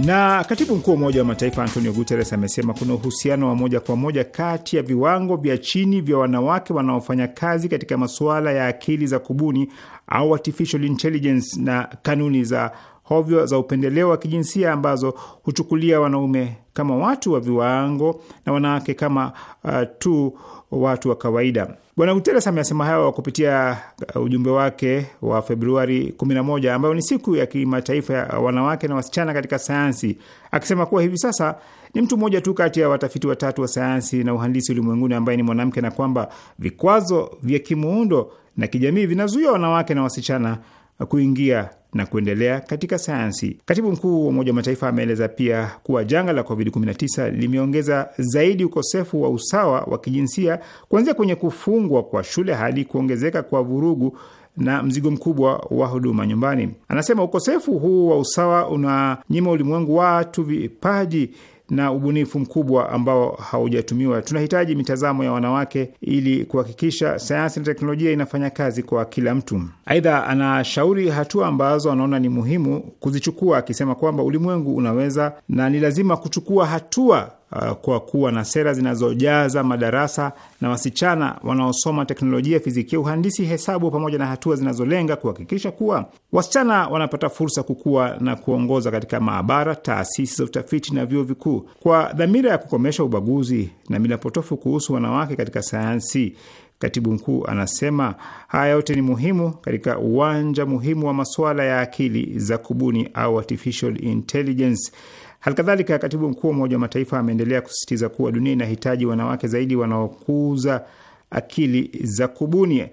Na katibu mkuu wa Umoja wa Mataifa Antonio Guterres amesema kuna uhusiano wa moja kwa moja kati ya viwango vya chini vya wanawake wanaofanya kazi katika masuala ya akili za kubuni au artificial intelligence na kanuni za hovyo za upendeleo wa kijinsia ambazo huchukulia wanaume kama watu wa viwango na wanawake kama uh, tu watu wa kawaida. Bwana guteres amesema hayo kupitia uh, ujumbe wake wa Februari 11 ambayo ni siku ya kimataifa ya wanawake na wasichana katika sayansi, akisema kuwa hivi sasa ni mtu mmoja tu kati ya watafiti watatu wa sayansi na uhandisi ulimwenguni ambaye ni mwanamke, na kwamba vikwazo vya kimuundo na kijamii vinazuia wanawake na wasichana kuingia na kuendelea katika sayansi. Katibu mkuu wa Umoja wa Mataifa ameeleza pia kuwa janga la COVID-19 limeongeza zaidi ukosefu wa usawa wa kijinsia, kuanzia kwenye kufungwa kwa shule hadi kuongezeka kwa vurugu na mzigo mkubwa wa huduma nyumbani. Anasema ukosefu huu wa usawa unanyima ulimwengu watu vipaji na ubunifu mkubwa ambao haujatumiwa. Tunahitaji mitazamo ya wanawake ili kuhakikisha sayansi na teknolojia inafanya kazi kwa kila mtu. Aidha, anashauri hatua ambazo anaona ni muhimu kuzichukua, akisema kwamba ulimwengu unaweza na ni lazima kuchukua hatua uh, kwa kuwa na sera zinazojaza madarasa na wasichana wanaosoma teknolojia, fizikia, uhandisi, hesabu pamoja na hatua zinazolenga kuhakikisha kuwa wasichana wanapata fursa kukua na kuongoza katika maabara, taasisi za utafiti na vyuo vikuu, kwa dhamira ya kukomesha ubaguzi na mila potofu kuhusu wanawake katika sayansi. Katibu mkuu anasema haya yote ni muhimu katika uwanja muhimu wa masuala ya akili za kubuni au artificial intelligence Halikadhalika, katibu mkuu wa Umoja wa Mataifa ameendelea kusisitiza kuwa dunia inahitaji wanawake zaidi wanaokuza akili za kubuni,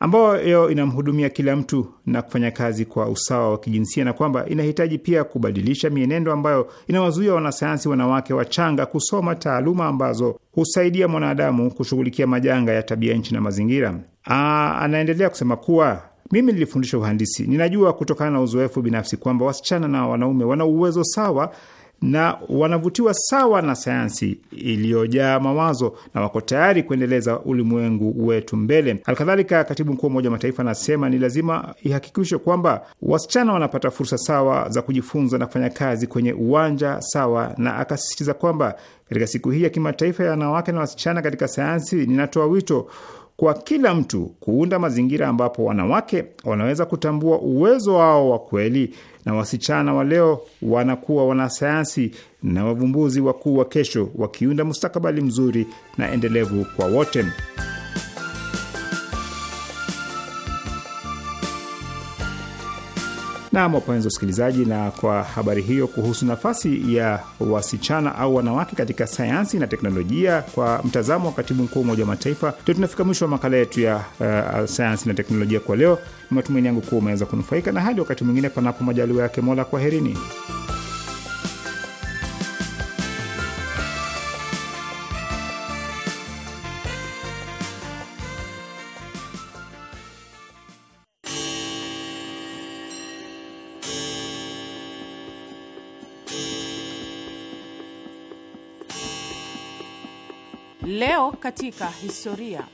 ambayo inamhudumia kila mtu na kufanya kazi kwa usawa wa kijinsia, na kwamba inahitaji pia kubadilisha mienendo ambayo inawazuia wanasayansi wanawake wachanga kusoma taaluma ambazo husaidia mwanadamu kushughulikia majanga ya tabia nchi na mazingira. Aa, anaendelea kusema kuwa mimi nilifundisha uhandisi. Ninajua kutokana na uzoefu binafsi kwamba wasichana na wanaume wana uwezo sawa na wanavutiwa sawa na sayansi iliyojaa mawazo na wako tayari kuendeleza ulimwengu wetu mbele. Halikadhalika, katibu mkuu wa Umoja wa Mataifa anasema ni lazima ihakikishwe kwamba wasichana wanapata fursa sawa za kujifunza na kufanya kazi kwenye uwanja sawa, na akasisitiza kwamba katika siku hii ya kimataifa ya wanawake na wasichana katika sayansi, ninatoa wito kwa kila mtu kuunda mazingira ambapo wanawake wanaweza kutambua uwezo wao wa kweli na wasichana wa leo wanakuwa wanasayansi na wavumbuzi wakuu wa kesho, wakiunda mustakabali mzuri na endelevu kwa wote. Naam, wapenzi wasikilizaji, na kwa habari hiyo kuhusu nafasi ya wasichana au wanawake katika sayansi na teknolojia kwa mtazamo wa katibu mkuu wa Umoja wa Mataifa, ndio tunafika mwisho wa makala yetu ya uh, sayansi na teknolojia kwa leo. Ni matumaini yangu kuwa umeweza kunufaika, na hadi wakati mwingine, panapo majaliwa yake Mola, kwaherini. Leo katika historia.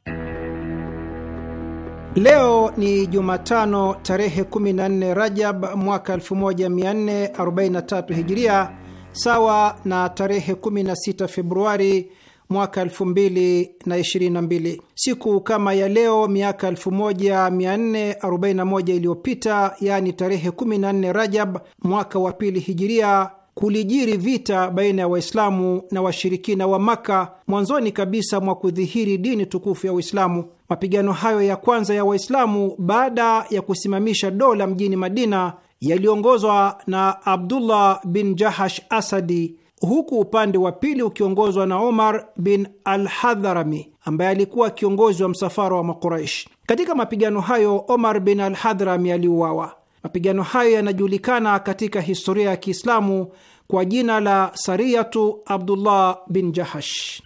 Leo ni Jumatano tarehe 14 Rajab mwaka 1443 Hijiria, sawa na tarehe 16 Februari mwaka 2022. Siku kama ya leo miaka 1441 iliyopita, yaani tarehe 14 Rajab mwaka wa pili Hijiria kulijiri vita baina ya Waislamu na washirikina wa Maka mwanzoni kabisa mwa kudhihiri dini tukufu ya Uislamu. Mapigano hayo ya kwanza ya Waislamu baada ya kusimamisha dola mjini Madina yaliongozwa na Abdullah bin Jahash Asadi, huku upande wa pili ukiongozwa na Omar bin Alhadharami ambaye alikuwa kiongozi wa msafara wa Makuraish. Katika mapigano hayo Omar bin Alhadhrami aliuawa. Mapigano hayo yanajulikana katika historia ya Kiislamu kwa jina la Sariyatu Abdullah bin Jahash.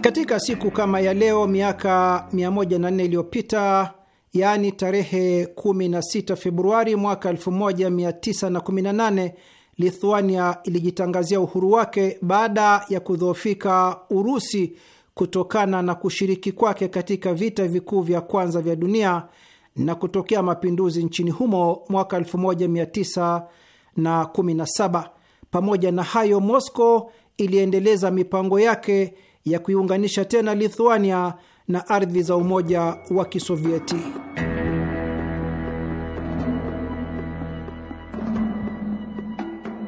Katika siku kama ya leo miaka 104 iliyopita, yaani tarehe 16 Februari mwaka 1918, Lithuania ilijitangazia uhuru wake baada ya kudhoofika Urusi kutokana na kushiriki kwake katika vita vikuu vya kwanza vya dunia na kutokea mapinduzi nchini humo mwaka 1917. Pamoja na hayo, Moscow iliendeleza mipango yake ya kuiunganisha tena Lithuania na ardhi za Umoja wa Kisovieti.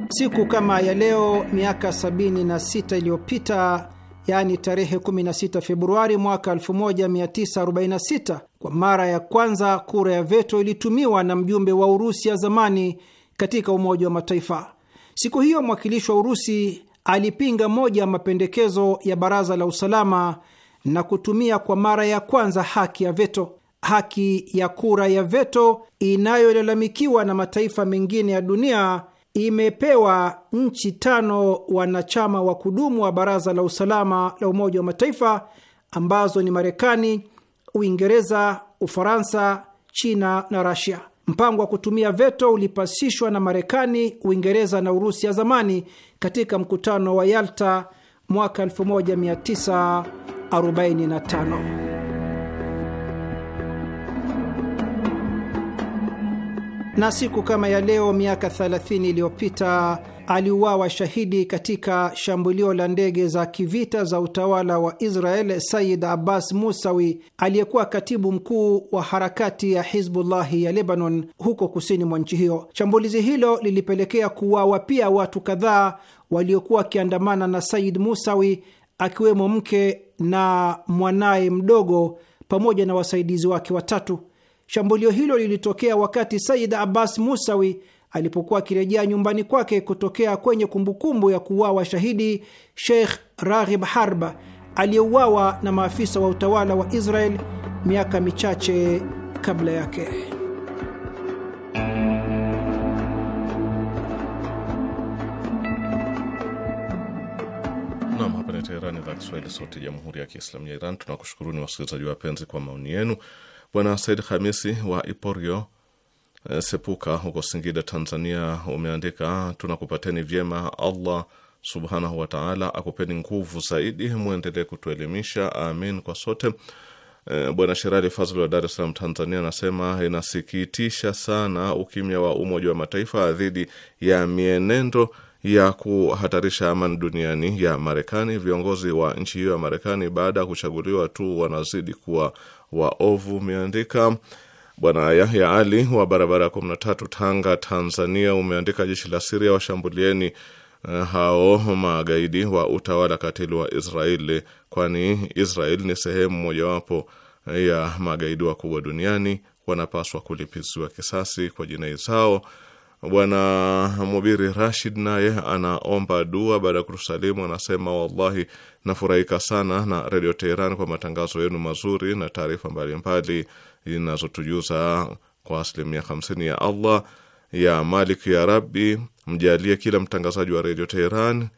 Siku kama ya leo miaka 76 iliyopita yaani tarehe 16 Februari mwaka 1946, kwa mara ya kwanza kura ya veto ilitumiwa na mjumbe wa Urusi ya zamani katika Umoja wa Mataifa. Siku hiyo mwakilishi wa Urusi alipinga moja ya mapendekezo ya Baraza la Usalama na kutumia kwa mara ya kwanza haki ya veto. Haki ya kura ya veto inayolalamikiwa na mataifa mengine ya dunia imepewa nchi tano wanachama wa kudumu wa Baraza la Usalama la Umoja wa Mataifa ambazo ni Marekani, Uingereza, Ufaransa, China na Rasia. Mpango wa kutumia veto ulipasishwa na Marekani, Uingereza na Urusi ya zamani katika mkutano wa Yalta mwaka 1945. na siku kama ya leo miaka 30 iliyopita aliuawa shahidi katika shambulio la ndege za kivita za utawala wa Israel Sayid Abbas Musawi aliyekuwa katibu mkuu wa harakati ya Hizbullahi ya Lebanon huko kusini mwa nchi hiyo. Shambulizi hilo lilipelekea kuuawa pia watu kadhaa waliokuwa wakiandamana na Sayid Musawi, akiwemo mke na mwanaye mdogo pamoja na wasaidizi wake watatu. Shambulio hilo lilitokea wakati Said Abbas Musawi alipokuwa akirejea nyumbani kwake kutokea kwenye kumbukumbu ya kuuawa shahidi Sheikh Raghib Harba aliyeuawa na maafisa wa utawala wa Israel miaka michache kabla yake. Nam, hapa ni Teherani, idhaa Kiswahili, sauti ya jamhuri ya kiislamu ya Iran. Tunakushukuruni wasikilizaji wapenzi kwa maoni yenu. Bwana Said Hamisi wa Iporio eh, Sepuka huko Singida, Tanzania, umeandika tunakupateni vyema. Allah subhanahu wataala akupeni nguvu zaidi, mwendelee kutuelimisha, amin kwa sote. Eh, Bwana Sherali Fazl wa Dar es Salaam, Tanzania, anasema inasikitisha sana ukimya wa Umoja wa Mataifa dhidi ya mienendo ya kuhatarisha amani duniani ya Marekani. Viongozi wa nchi hiyo ya Marekani baada ya kuchaguliwa tu wanazidi kuwa waovu umeandika. Bwana Yahya Ali wa barabara ya kumi na tatu, Tanga, Tanzania, umeandika jeshi la Siria washambulieni eh, hao magaidi wa utawala katili wa Israeli, kwani Israeli ni sehemu mojawapo eh, ya magaidi wakubwa duniani, wanapaswa kulipiziwa kisasi kwa jinai zao Bwana Mubiri Rashid naye anaomba dua baada ya kutusalimu, anasema wallahi, nafurahika sana na Redio Teheran kwa matangazo yenu mazuri na taarifa mbalimbali inazotujuza kwa asilimia hamsini. Ya Allah ya Malik ya Rabbi, mjalie kila mtangazaji wa Redio Teheran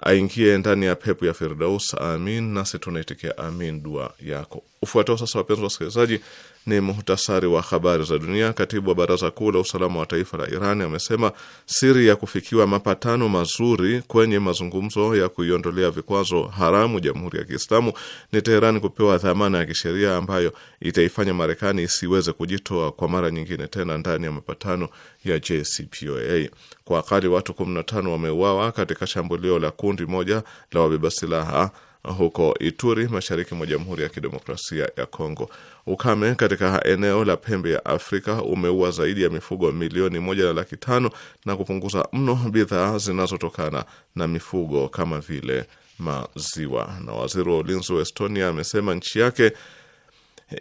aingie ndani ya pepo ya Firdaus. Amin. Nasi tunaitikia amin dua yako. Ufuatao sasa, wapenzi wasikilizaji ni muhtasari wa habari za dunia. Katibu wa Baraza Kuu la Usalama wa Taifa la Iran amesema siri ya kufikiwa mapatano mazuri kwenye mazungumzo ya kuiondolea vikwazo haramu Jamhuri ya Kiislamu ni Teherani kupewa dhamana ya kisheria ambayo itaifanya Marekani isiweze kujitoa kwa mara nyingine tena ndani ya mapatano ya JCPOA. Kwa akali watu 15 wameuawa katika shambulio la kundi moja la wabeba silaha huko Ituri, mashariki mwa Jamhuri ya Kidemokrasia ya Kongo. Ukame katika eneo la pembe ya Afrika umeua zaidi ya mifugo milioni moja na laki tano na kupunguza mno bidhaa zinazotokana na mifugo kama vile maziwa. Na waziri wa ulinzi wa Estonia amesema nchi yake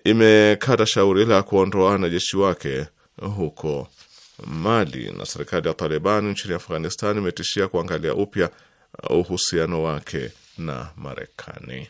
imekata shauri la kuondoa wanajeshi wake huko Mali. Na serikali ya Taliban nchini Afghanistan imetishia kuangalia upya uhusiano wake na Marekani.